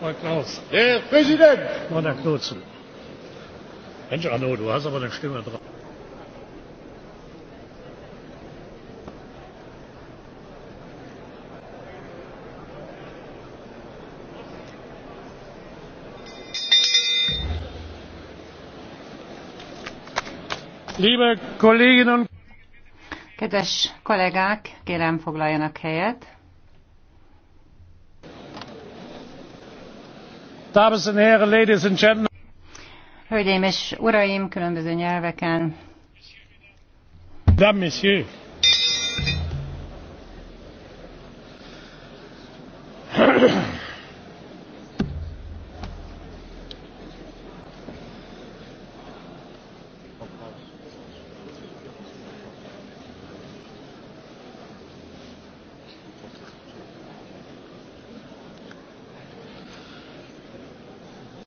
Herr Präsident! Herr Mensch, Arno, du hast aber eine Stimme drauf. Liebe Kolleginnen und Kedves kollégák, kérem foglaljanak helyet. Hölgyeim és uraim, különböző nyelveken.